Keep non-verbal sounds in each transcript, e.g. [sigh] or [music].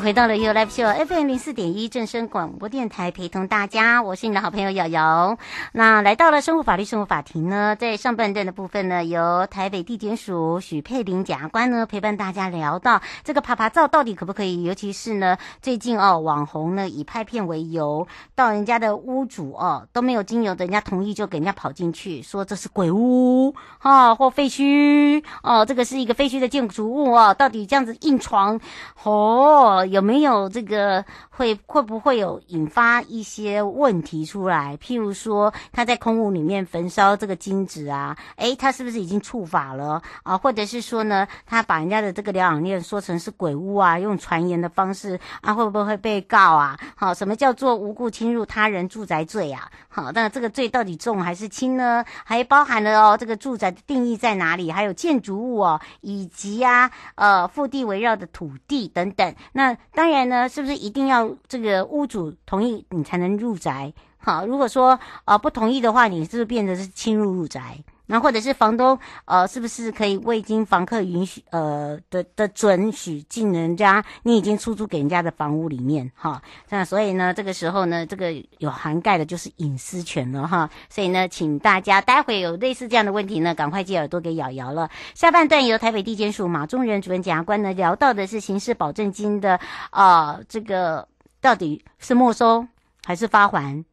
回到了 You Life Show FM 零四點一正聲廣播電台，陪同大家，我是你的好朋友瑤瑤。那來到了生《生活法律生活法庭》呢，在上半段的部分呢，由台北地檢署許佩琳檢察官呢陪伴大家聊到這個趴趴照到底可不可以？尤其是呢，最近哦，網紅呢以拍片為由到人家的屋主哦都沒有經由的人家同意就給人家跑進去，說這是鬼屋哈、啊、或廢墟哦、啊，這個是一個廢墟的建築物哦，到底這樣子硬闖哦？有沒有這個會會不會有引發一些問題出來？譬如說他在空屋裡面焚燒這個金紙啊，哎、欸，他是不是已經觸法了啊？或者是說呢，他把人家的這個療養院說成是鬼屋啊，用傳言的方式啊，會不會被告啊？好、啊，什麼叫做無故侵入他人住宅罪啊？好、啊，那這個罪到底重還是輕呢？還包含了哦，這個住宅的定義在哪裡？還有建築物哦，以及啊，呃，腹地圍繞的土地等等，那。當然呢，是不是一定要這個屋主同意你才能入宅？好，如果說啊、呃、不同意的話，你是不是變得是侵入入宅？那或者是房東，呃，是不是可以未經房客允許，呃的的准許進人家你已經出租給人家的房屋裡面，哈？那所以呢，這個時候呢，這個有涵蓋的就是隱私權了，哈。所以呢，請大家待會有類似這樣的問題呢，趕快借耳朵給瑤瑤了。下半段由台北地檢署馬中元主任檢察官呢，聊到的是刑事保證金的，啊、呃，這個到底是沒收還是發還？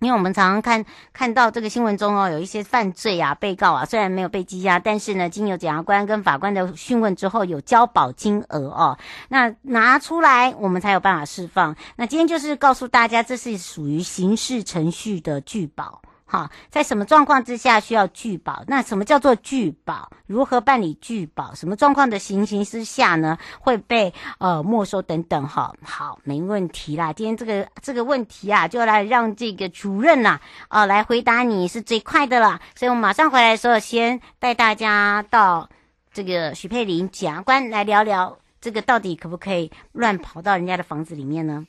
因為我們常常看看到這個新聞中哦，有一些犯罪啊，被告啊，雖然沒有被羈押，但是呢，經由檢察官跟法官的訊問之後，有交保金額哦，那拿出來我們才有辦法釋放。那今天就是告訴大家，這是屬於刑事程序的具保。好，在什麼狀況之下需要具保？那什麼叫做具保？如何辦理具保？什麼狀況的情形之下呢，會被呃沒收等等？哈，好，沒問題啦。今天這個這個問題啊，就來讓這個主任呢、啊，哦、啊、來回答你是最快的了。所以，我們馬上回來的時候，先帶大家到這個許佩琳檢察官來聊聊，這個到底可不可以亂跑到人家的房子裡面呢？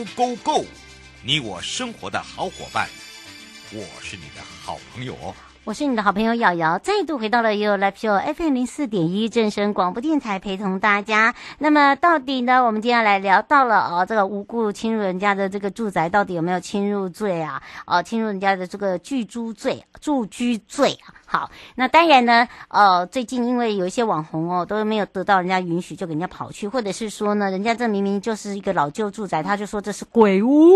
Go go go！你我生活的好夥伴，我是你的好朋友。我是你的好朋友瑤瑤，再度回到了 u 來秀 FM 零四點一正聲廣播電台，陪同大家。那麼到底呢？我們接下來聊到了哦、啊，這個無故侵入人家的這個住宅，到底有沒有侵入罪啊？哦、啊，侵入人家的這個居住罪、住居罪啊？好，那當然呢，呃，最近因為有一些網紅哦，都沒有得到人家允許就給人家跑去，或者是說呢，人家這明明就是一個老舊住宅，他就說這是鬼屋。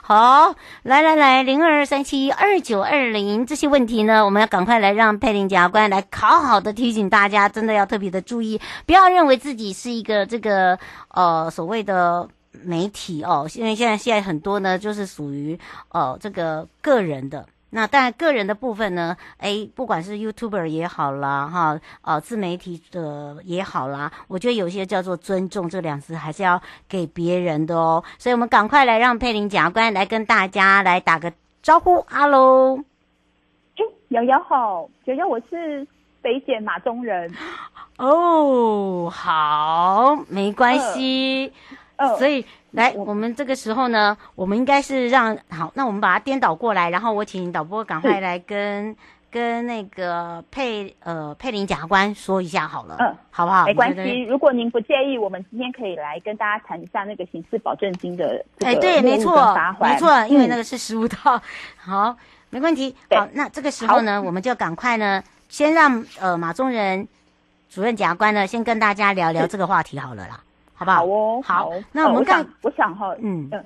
好，來來來，零二三七二九二零這些問題呢，我們要趕快來讓佩琳檢察官來好好的提醒大家，真的要特別的注意，不要認為自己是一個這個呃所謂的媒體哦，因為現在現在很多呢，就是屬於呃這個個人的。那當然，個人的部分呢，欸，不管是 YouTuber 也好啦，哈，呃，自媒體的也好啦，我覺得有些叫做尊重這兩字，還是要給別人的哦。所以我們趕快來讓佩琳檢察官來跟大家來打個招呼，Hello！欸，瑤瑤好，瑤瑤，我是北檢馬東人。哦，好，沒關係。呃哦、所以，來我，我們這個時候呢，我們應該是讓好，那我們把它顛倒過來，然後我請導播趕快來跟、嗯、跟那個佩呃佩琳檢察官說一下好了，嗯，好不好？沒關係，如果您不介意，我們今天可以來跟大家談一下那個刑事保證金的。哎、欸，對，沒錯，沒錯、嗯，因為那個是十五套，好，沒問題、嗯。好，那這個時候呢，我們就趕快呢，先讓呃馬中仁主任檢察官呢，先跟大家聊聊這個話題好了啦。嗯好哦好，好。那我，我，想、嗯、我想，我想哈，嗯嗯，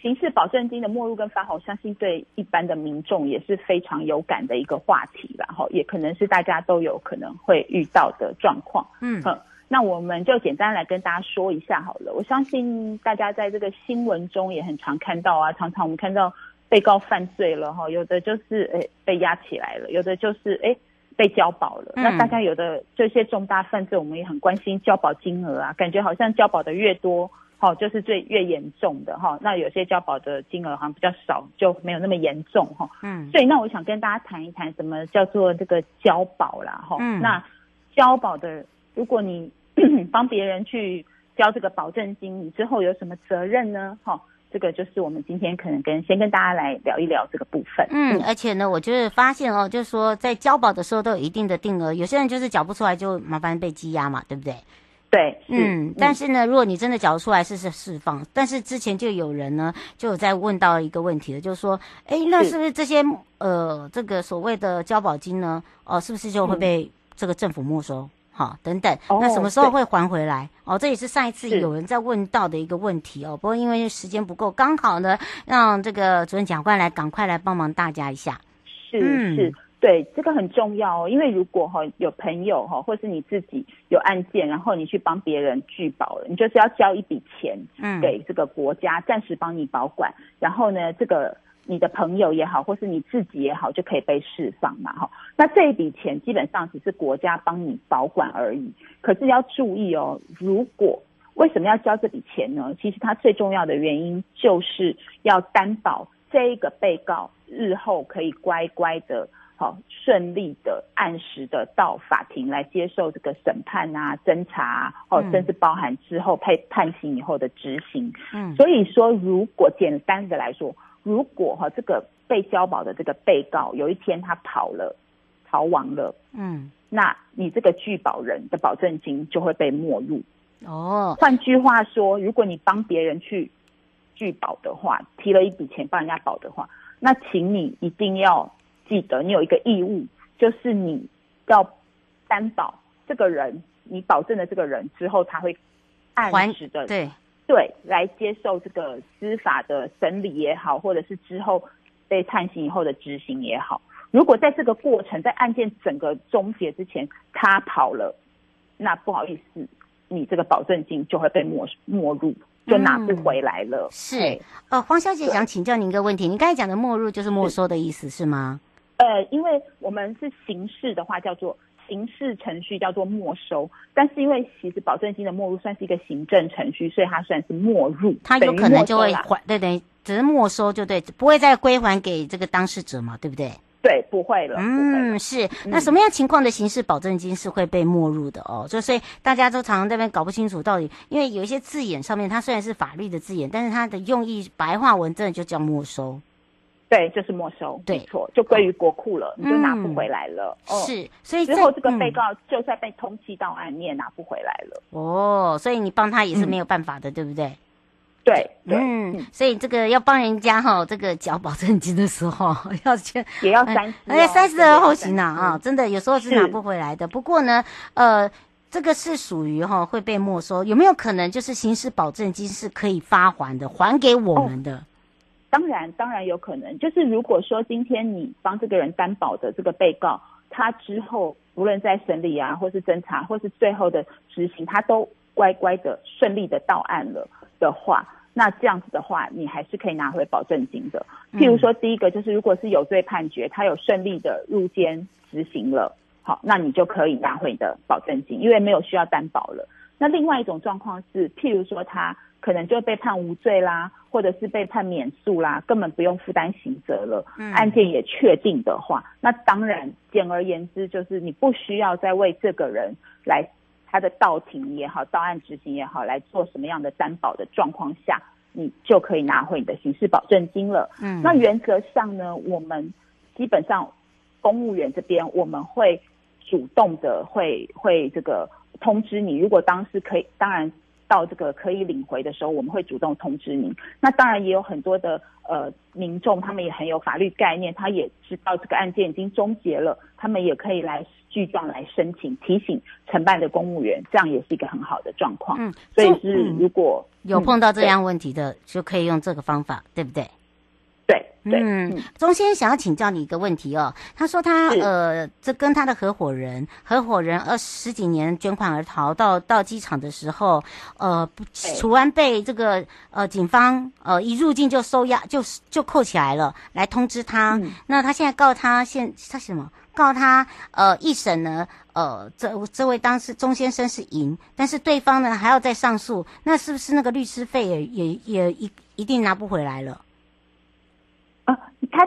刑事保證金的沒入跟發還，我相信對一般的民眾也是非常有感的一個話題吧。哈，也可能是大家都有可能會遇到的狀況。嗯哼、嗯，那我們就簡單來跟大家說一下好了。我相信大家在這個新聞中也很常看到啊，常常我們看到被告犯罪了哈，有的就是誒、欸、被押起來了，有的就是哎。欸被交保了、嗯，那大家有的這些重大犯罪，我們也很關心交保金額啊，感覺好像交保的越多，好、哦、就是最越嚴重的哈、哦。那有些交保的金額好像比較少，就沒有那麼嚴重哈、哦。嗯，所以那我想跟大家談一談什麼叫做這個交保啦。哈、哦嗯。那交保的，如果你幫別 [coughs] 人去交這個保證金，你之後有什麼責任呢？哈、哦？這個就是我們今天可能跟先跟大家來聊一聊這個部分。嗯，而且呢，我就是發現哦，就是說在交保的時候都有一定的定額，有些人就是繳不出來就麻煩被羈押嘛，對不對？對，嗯、嗯。但是呢，如果你真的繳出來，是是釋放、嗯。但是之前就有人呢，就有在問到一個問題了，就是說，哎，那是不是這些、嗯、呃這個所謂的交保金呢，哦、呃，是不是就會被這個政府沒收？嗯好，等等，哦，那什麼時候會還回來？哦，這也是上一次有人在問到的一個問題哦。不過因為時間不夠，剛好呢，讓這個主任檢察官來趕快來幫忙大家一下。是是，對，這個很重要哦。因為如果哈、哦、有朋友哈、哦，或是你自己有案件，然後你去幫別人具保了，你就是要交一筆錢給這個國家暫時幫你保管，然後呢，這個。你的朋友也好，或是你自己也好，就可以被釋放嘛，哈。那這一筆錢基本上只是國家幫你保管而已。可是要注意哦，如果為什麼要交這筆錢呢？其實它最重要的原因就是要擔保這一個被告日後可以乖乖的、好順利的、按時的到法庭來接受這個審判啊、偵查啊，哦、嗯，甚至包含之後被判刑以後的執行。嗯，所以說，如果簡單的來說，如果哈這個被交保的這個被告有一天他跑了、逃亡了，嗯，那你這個具保人的保證金就會被沒入。哦，換句話說，如果你幫別人去具保的話，提了一筆錢幫人家保的話，那請你一定要記得，你有一個義務，就是你要擔保這個人，你保證了這個人之後，他會按時的對。對，來接受這個司法的審理也好，或者是之後被判刑以後的執行也好，如果在這個過程，在案件整個終結之前他跑了，那不好意思，你這個保證金就會被沒沒入，就拿不回來了，嗯。是，呃，黃小姐想請教您一個問題，您剛才講的沒入就是沒收的意思是，是嗎？呃，因為我們是刑事的話叫做。刑事程序叫做沒收，但是因為其實保證金的沒入算是一個行政程序，所以它算是沒入。它有可能就會還，對對，只是沒收就對，不會再歸還給這個當事者嘛，對不對？對，不會了，會了嗯，是。那什麼樣情況的刑事保證金是會被沒入的哦？嗯、就所以大家都常常這邊搞不清楚到底，因為有一些字眼上面，它雖然是法律的字眼，但是它的用意白話文真的就叫沒收。對，就是沒收，沒錯，就歸於國庫了，嗯、你就拿不回來了。哦，是，所以之後這個被告就算被通緝到案，嗯，你也拿不回來了。哦，所以你幫他也是沒有辦法的，嗯、對不對，對？對，嗯，所以這個要幫人家哈，這個繳保證金的時候要先也要三思，哦，而、哎、且三思而後行呢啊，啊，真的有時候是拿不回來的。不過呢，呃，這個是屬於哈會被沒收，有沒有可能就是刑事保證金是可以發還的，還給我們的？哦當然，當然有可能。就是如果說今天你幫這個人擔保的這個被告，他之後無論在審理啊，或是偵查，或是最後的執行，他都乖乖的順利的到案了的話，那這樣子的話，你還是可以拿回保證金的。譬如說，第一個就是如果是有罪判決，他有順利的入監執行了，好，那你就可以拿回你的保證金，因為沒有需要擔保了。那另外一種狀況是，譬如說他。可能就被判無罪啦，或者是被判免訴啦，根本不用負擔刑責了。嗯。案件也確定的話，那當然，簡而言之就是你不需要再為這個人來他的到庭也好，到案執行也好，來做什麼樣的擔保的狀況下，你就可以拿回你的刑事保證金了。嗯，那原則上呢，我們基本上公務員這邊我們會主動的會會這個通知你，如果當時可以，當然。到這個可以領回的時候，我們會主動通知您。那當然也有很多的呃民眾，他們也很有法律概念，他也知道這個案件已經終結了，他們也可以來具狀來申請提醒承辦的公務員，這樣也是一個很好的狀況。嗯，所以是如果，嗯，有碰到這樣問題的，嗯，就可以用這個方法，對不對？對對嗯，鍾、嗯、先生想要請教你一個問題哦。他說他呃，這跟他的合夥人，合夥人二十幾年捲款而逃，到到機場的時候，呃，楚安，被這個呃警方呃一入境就收押，就就扣起來了，來通知他。嗯、那他現在告他現他什麼？告他呃一審呢？呃，這這位當事鍾先生是贏，但是對方呢還要再上訴，那是不是那個律師費也也也一一定拿不回來了？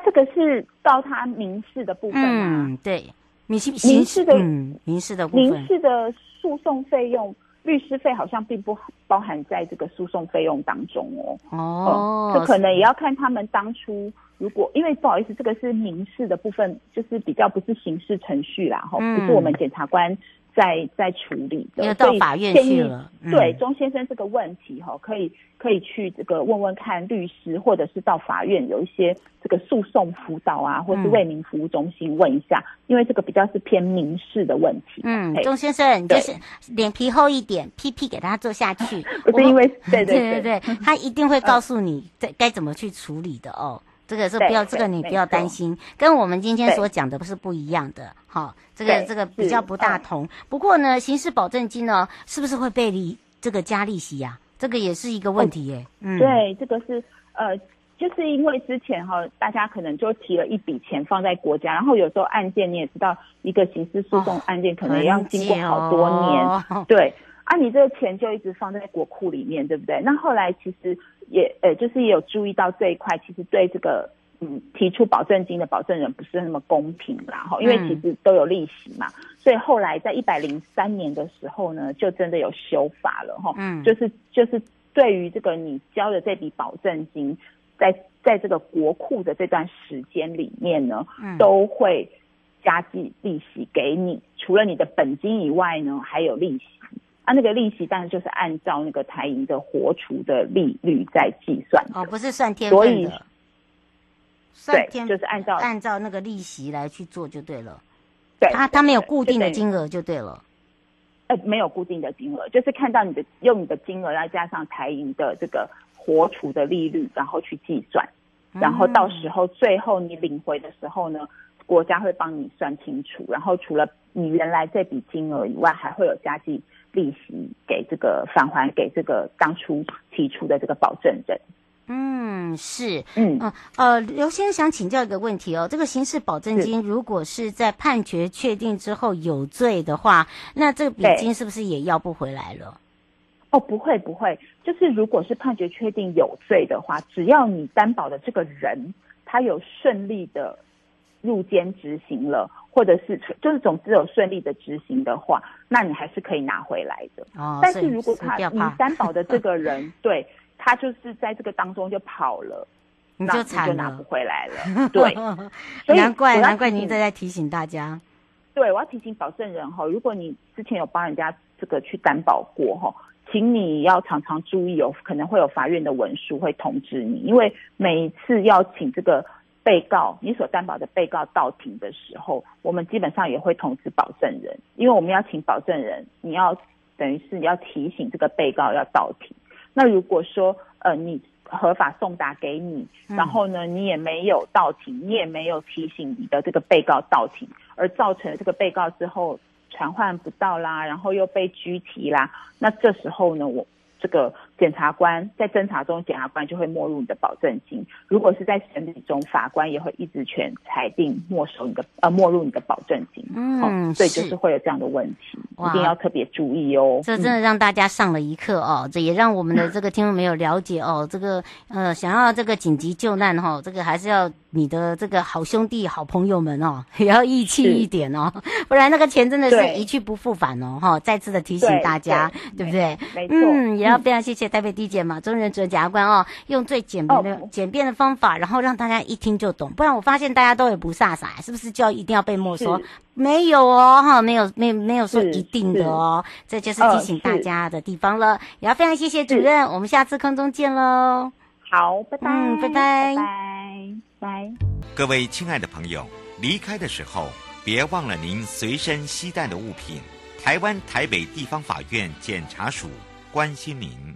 這個是到他民事的部分，啊，嗯，對，民事的，民事的，嗯，民事的民事的訴訟費用，律師費好像並不包含在這個訴訟費用當中哦，哦，這，哦，可可能也要看他們當初，如果，因為不好意思，這個是民事的部分，就是比較不是刑事程序啦，哈，哦嗯，不是我們檢察官在在處理的，要到法院去了。嗯、對，鍾先生這個問題哈，可以可以去這個問問看律師，或者是到法院有一些這個訴訟輔導啊，或是為民服務中心問一下，嗯、因為這個比較是偏民事的問題。嗯，鍾先生就是臉皮厚一點，屁屁給他做下去。我 [laughs] 是因為 [laughs] 對對對對，他一定會告訴你在該怎麼去處理的哦。這個是不要，這個你不要擔心，跟我們今天所講的不是不一樣的，好，這個這個比較不大同。不過呢，刑事保證金呢、喔，是不是會被你這個加利息呀？啊？這個也是一個問題耶、欸。嗯、哦，對，這個是呃，就是因為之前哈、哦，大家可能就提了一筆錢放在國家，然後有時候案件你也知道，一個刑事訴訟案件可能要經過好多年，哦哦、對，啊，你這個錢就一直放在國庫裡面，對不對？那後來其實。也呃、欸，就是也有注意到這一塊，其實對這個嗯提出保證金的保證人不是那麼公平啦哈，因為其實都有利息嘛，嗯、所以後來在一百零三年的時候呢，就真的有修法了哈，嗯，就是就是對於這個你交的這筆保證金，在在這個國庫的這段時間裡面呢，都會加計利息給你，除了你的本金以外呢，還有利息。他、啊、那個利息當然就是按照那個台銀的活儲的利率在計算他他哦，不是算天分的，對，就是按照按照那個利息來去做就對了。對，他他沒有固定的金額就對了。呃，沒有固定的金額，呃、就是看到你的用你的金額來加上台銀的這個活儲的利率，然後去計算，然後到時候最後你領回的時候呢，國家會幫你算清楚，然後除了你原來這筆金額以外，還會有加計。利息給這個返還給這個當初提出的這個保證人。嗯，是，嗯呃，劉先生想請教一個問題哦，這個刑事保證金如果是在判決確定之後有罪的話，那這筆金是不是也要不回來了？哦，不會不會，就是如果是判決確定有罪的話，只要你擔保的這個人他有順利的。入監執行了，或者是就是總之有順利的執行的話，那你還是可以拿回來的。哦、但是如果他你擔保的這個人 [laughs] 對他就是在這個當中就跑了，你就慘了，你就拿不回來了。 [laughs] 對，所以，難怪難怪你一直在提醒大家，對，我要提醒保證人哈，如果你之前有幫人家這個去擔保過哈，請你要常常注意哦，可能會有法院的文書會通知你，因為每一次要請這個。被告，你所擔保的被告到庭的時候，我們基本上也會通知保證人，因為我們要請保證人，你要等於是你要提醒這個被告要到庭。那如果說呃你合法送達給你，然後呢，你也沒有到庭，你也沒有提醒你的這個被告到庭，而造成了這個被告之後傳喚不到啦，然後又被拘提啦，那這時候呢，我這個。檢察官在偵查中，檢察官就會沒入你的保證金；如果是在審理中，法官也會依職權裁定沒收你的呃，沒入你的保證金。嗯，哦、所以就是會有這樣的問題，一定要特別注意哦。這真的讓大家上了一課哦，嗯、這也讓我們的這個聽眾朋友了解哦，這個呃，想要這個緊急救難哈、哦，這個還是要你的這個好兄弟、好朋友們哦，也要義氣一點哦，不然那個錢真的是一去不復返哦。哈、哦，再次的提醒大家，對，對不對？沒、沒錯，嗯，也要非常謝謝、嗯。台北地檢嘛，中人主任檢察官哦，用最簡便的、oh. 簡便的方法，然後讓大家一聽就懂。不然我發現大家都也不傻傻，颯、啊，是不是？就要一定要被沒收？沒有哦，哈，沒有，沒有，沒有說一定的哦。這就是提醒大家的地方了。Oh. 也要非常謝謝主任，我們下次空中見嘍。好，拜拜、嗯，拜拜，拜拜，拜拜。各位親愛的朋友，離開的時候別忘了您隨身攜帶的物品。台灣台北地方法院檢察署關心您。